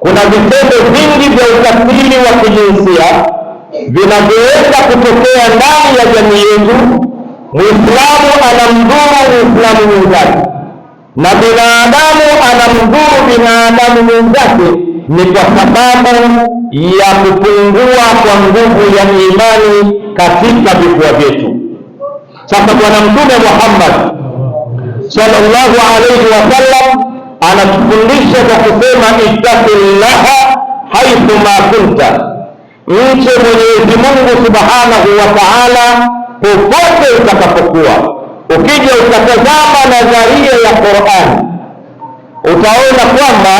kuna vitendo vingi vya ukatili wa kijinsia vinavyoweza kutokea ndani ya jamii yetu. Muislamu anamdhuru muislamu mwenzake na binadamu anamdhuru binadamu mwenzake, ni kwa sababu ya kupungua kwa nguvu ya imani katika vifua vyetu. Sasa Bwana Mtume Muhammad sallallahu alaihi wasallam anatufundisha kwa kusema ittaqillaha haithu ma kunta, mche Mwenyezi Mungu subhanahu wa taala popote utakapokuwa. Ukija utatazama nadharia ya Qurani utaona kwamba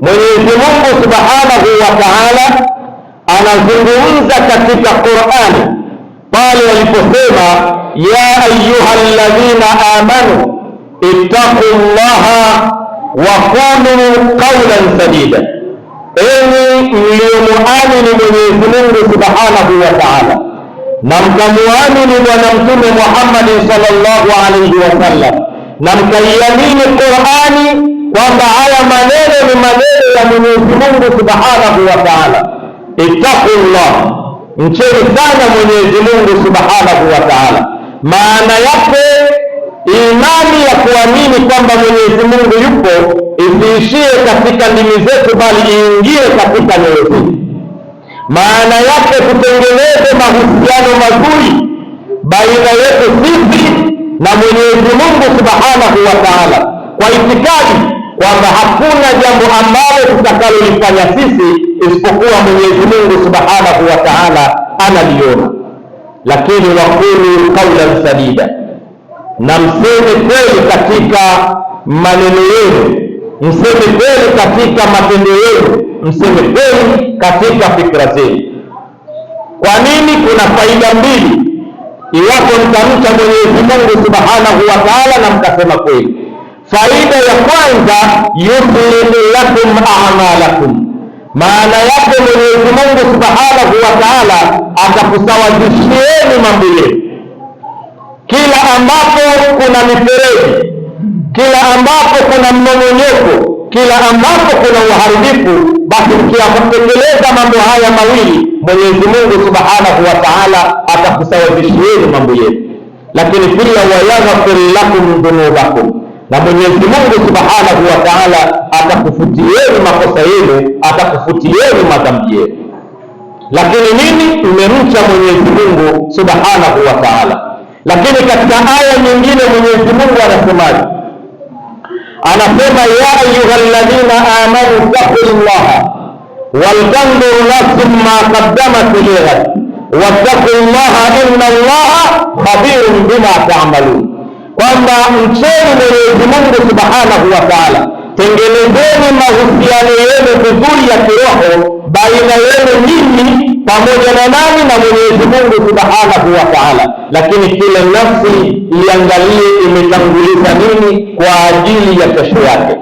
Mwenyezi Mungu subhanahu wa taala anazungumza katika Qurani pale waliposema ya ayuha alladhina amanu ittaqullaha waqulu qawlan sadida, enyi mliomuamini Mwenyezi Mungu subhanahu wa taala, na mkamuamini Bwana Mtume Muhammadi sallallahu alaihi wasallam, na mkaiamini Qurani kwamba haya maneno ni maneno ya Mwenyezi Mungu subhanahu wa taala. Ittaqullah, mcheni sana Mwenyezi Mungu subhanahu wa taala. Maana yake Imani ya kuamini kwamba Mwenyezi Mungu yupo isiishie katika dini zetu, bali iingie katika nyoyo zetu. Maana yake tutengeneze mahusiano mazuri baina yetu sisi na Mwenyezi Mungu Subhanahu wa Ta'ala, kwa itikadi kwamba hakuna jambo ambalo tutakalolifanya sisi isipokuwa Mwenyezi Mungu Subhanahu wa Ta'ala analiona, lakini waqulu qawlan sadida na mseme kweli katika maneno yenu, mseme kweli katika matendo yenu, mseme kweli katika fikra zenu. Kwa nini? Kuna faida mbili iwapo mtamcha Mwenyezi Mungu subhanahu wa taala na mkasema kweli. Faida ya kwanza, yuslihu lakum a'malakum, maana yake Mwenyezi Mungu subhanahu wa taala atakusawazishieni mambo yenu kila ambapo kuna mifereji, kila ambapo kuna mmomonyoko, kila ambapo kuna uharibifu, basi kutekeleza mambo haya mawili, Mwenyezi Mungu subhanahu wa taala atakusawazishieni mambo yenu, lakini pia wayaghfir lakum dhunubakum na Mwenyezi Mungu subhanahu wa taala atakufutieni makosa yenu, atakufutieni madhambi yenu. Lakini nini? Mmemcha Mwenyezi Mungu subhanahu wa taala. Lakini katika aya nyingine Mwenyezi Mungu anasemaje? Anasema, ya ayuha alladhina amanu taqullaha waltandur nafsum ma qaddamat lighad wattaqullaha inna allaha khabirun bima ta'malun, kwamba mcheni Mwenyezi Mungu subhanahu wa ta'ala tengenezeni mahusiano yenu vizuri ya kiroho baina yenu nyinyi pamoja na nani na Mwenyezi Mungu subhanahu wa taala. Lakini kila nafsi iangalie imetanguliza nini kwa ajili ya kesho yake.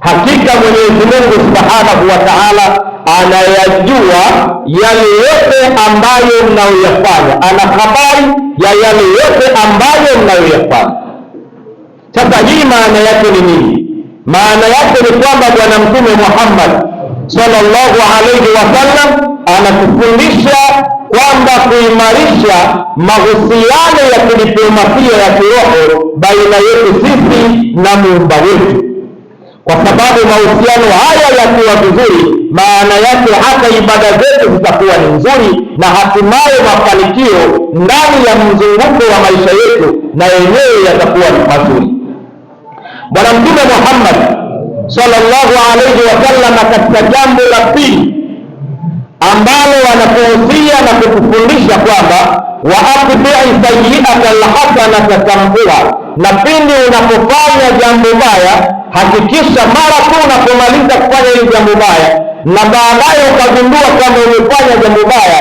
Hakika Mwenyezi Mungu subhanahu wa taala anayajua yale yote ambayo mnayoyafanya, ana habari ya yale yote ambayo mnayoyafanya. Sasa hii maana yake ni nini? Maana yake ni kwamba Bwana Mtume Muhammad sallallahu alaihi wasallam anatufundisha kwamba kuimarisha mahusiano ya kidiplomasia ya kiroho baina yetu sisi na muumba wetu, kwa sababu mahusiano haya yakiwa vizuri, maana yake hata ibada zetu zitakuwa ni nzuri, na hatimaye mafanikio ndani ya mzunguko wa maisha yetu na yenyewe yatakuwa ni mazuri. Bwana Mtume Muhammad sallallahu alaihi wasallam, katika jambo la pili ambalo wanakuhusia na kukufundisha kwamba waakbii sayiata lhasanata tambuha, na pindi unapofanya jambo baya, hakikisha mara tu unapomaliza kufanya hili jambo baya na baadaye ukagundua kwamba umefanya jambo baya,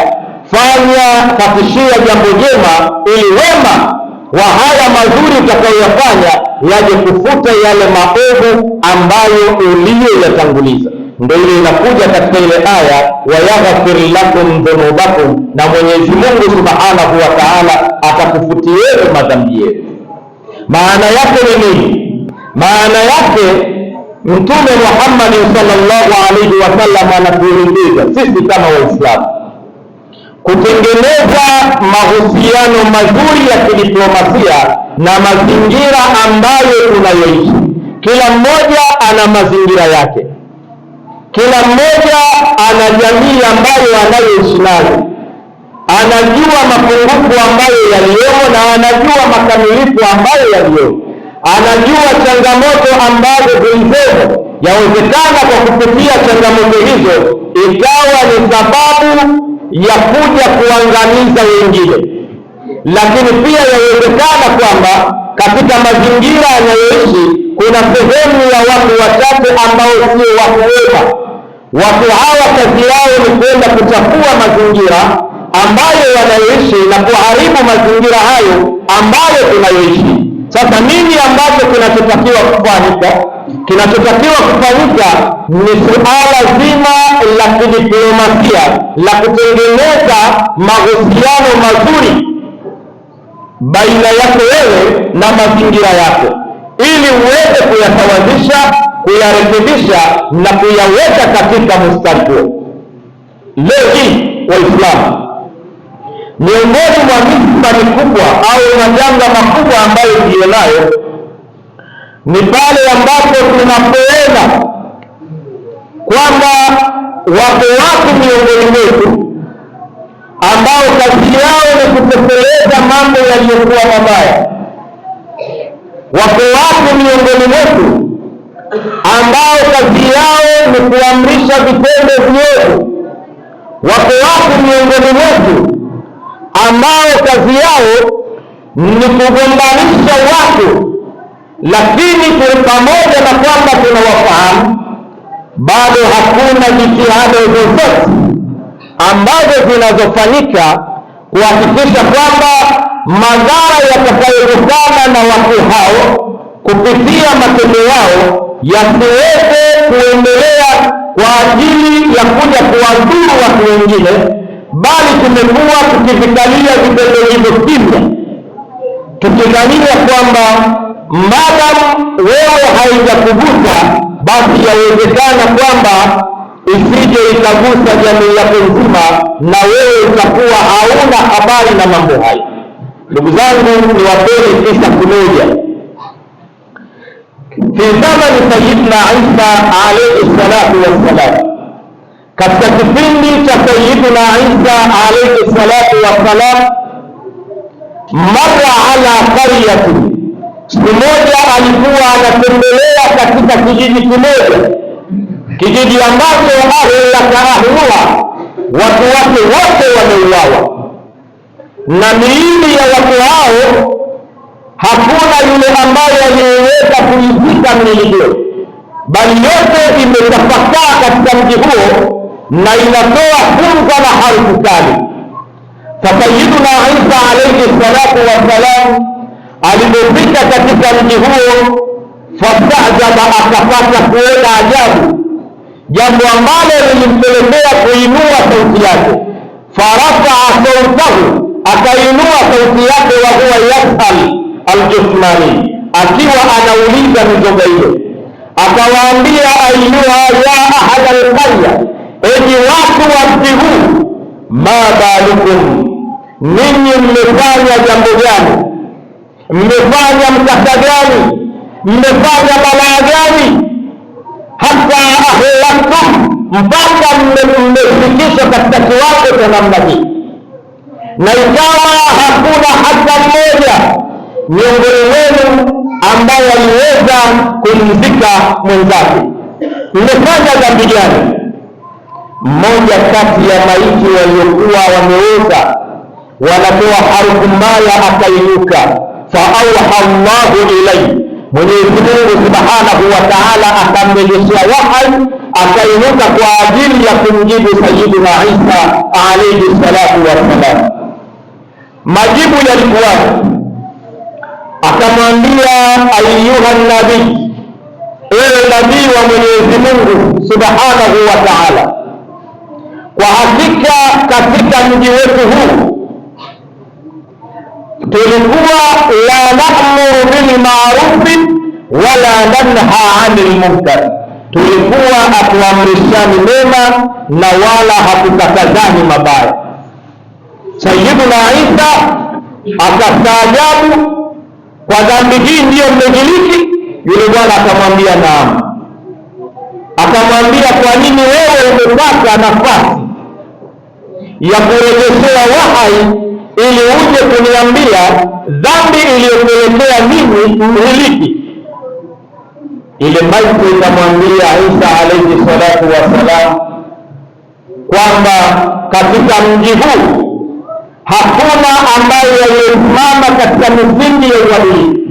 fanya kafishia jambo jema ili wema wa haya mazuri utakayoyafanya yaje kufuta yale maovu ambayo uliyoyatanguliza. Ndio ile inakuja katika ile aya wa yaghfir lakum dhunubakum, na Mwenyezi Mungu subhanahu wa taala atakufutieni madhambi yenu. Maana yake ni nini? Maana yake Mtume Muhammad sallallahu alaihi wasallam anatuelekeza sisi kama Waislamu kutengeneza mahusiano mazuri ya kidiplomasia na mazingira ambayo tunayoishi. Kila mmoja ana mazingira yake, kila mmoja ana jamii ambayo anayoishi nayo, anajua mapungufu ambayo yaliyomo na anajua makamilifu ambayo yaliyomo, anajua changamoto ambazo zilizomo. Yawezekana kwa kupitia changamoto hizo ikawa ni sababu ya kuja kuangamiza wengine, lakini pia yawezekana kwamba katika mazingira yanayoishi kuna sehemu ya watu wachache ambao sio watu wema. Watu hawa kazi yao ni kwenda kuchafua mazingira ambayo wanayoishi na kuharibu mazingira hayo ambayo tunayoishi. Sasa nini ambacho kinachotakiwa kufanyika? Kinachotakiwa kufanyika ni suala zima la kidiplomasia la kutengeneza mahusiano mazuri baina yako wewe na mazingira yako, ili uweze kuyasawazisha, kuyarekebisha na kuyaweka katika mstari Leo hii Waislamu Miongoni mwa misiba mikubwa au majanga makubwa ambayo nayo ni pale ambapo tunapoona kwamba wako watu miongoni mwetu ambao kazi yao ni kutekeleza mambo yaliyokuwa mabaya. Wako watu miongoni mwetu ambao kazi yao ni kuamrisha vitendo viovu. Wako watu miongoni mwetu ambao kazi yao ni kugombanisha watu, lakini pamoja na kwamba tunawafahamu, bado hakuna jitihada zozote ambazo zinazofanyika kuhakikisha kwamba madhara yatakayotokana na watu hao kupitia matendo yao yasiweze kuendelea kwa ajili ya kuja kuwadhuru watu wengine bali tumekuwa tukivikalia vitendo hivyo kimya, tukidhania kwamba madamu wewe haijakugusa basi yawezekana kwamba isije ikagusa jamii yako nzima, na wewe utakuwa hauna habari na mambo hayo. Ndugu zangu, ni wapeni kisa kimoja fi zamani Sayidna Isa alaihi salatu wassalam katika kipindi cha Sayyidina Isa alayhi salatu wassalam, mara ala qaryati, siku moja alikuwa anatembelea katika kijiji kimoja, kijiji ambacho ahlaka ahluha, watu wake wote wameuawa na miili ya watu hao hakuna yule ambaye aliyeweza kuizika miili hiyo, bali yote imetapakaa katika mji huo na inatoa funza na harfu kali. Fasayiduna Isa alayhi salatu wassalam alipofika katika mji huo, fastajaba, akapata kuona ajabu, jambo ambalo lilimpelekea kuinua sauti yake. Farafaa sautahu, akainua sauti yake, wa huwa yasal Aljuthmani, akiwa anauliza mizoga hiyo, akawaambia, ayuha ya ahada alqarya enyi watu wa mji huu, mabalukum, ninyi mmefanya jambo gani? Mmefanya mkasa gani? Mmefanya balaa gani? hata ahlaktum, mpaka mmefikishwa katika kiwango cha namna hii, na ikawa hakuna hata mmoja miongoni mwenu ambaye aliweza kumzika mwenzake. Mmefanya dhambi gani? mmoja kati ya maiti waliokuwa wameoza wanatoa harufu mbaya, akainuka. fa auha llahu ilai, Mwenyezi Mungu subhanahu wa taala akamrejeshea wahai, akainuka kwa ajili ya kumjibu Sayidina Isa alayhi salatu wassalam. Majibu yalikuwa akamwambia, ayuha nabii, ewe nabii wa Mwenyezi Mungu subhanahu wa taala kwa hakika katika mji wetu huu tulikuwa la namuru bil maarufi wala nanha anil munkar, tulikuwa hatuamrishani mema na wala hatukatazani mabaya. Sayyiduna Isa akastaajabu kwa dhambi hii ndiyo mmegiliki. Yule bwana akamwambia naam. Akamwambia, kwa nini wewe umepata nafasi ya kurejeshea wahai ili uje kuniambia dhambi iliyopelekea mimi uhiliki. Ile maiti ikamwambia Isa alaihi salatu wassalam kwamba katika mji huu hakuna ambaye aliyesimama katika misingi ya uadilifu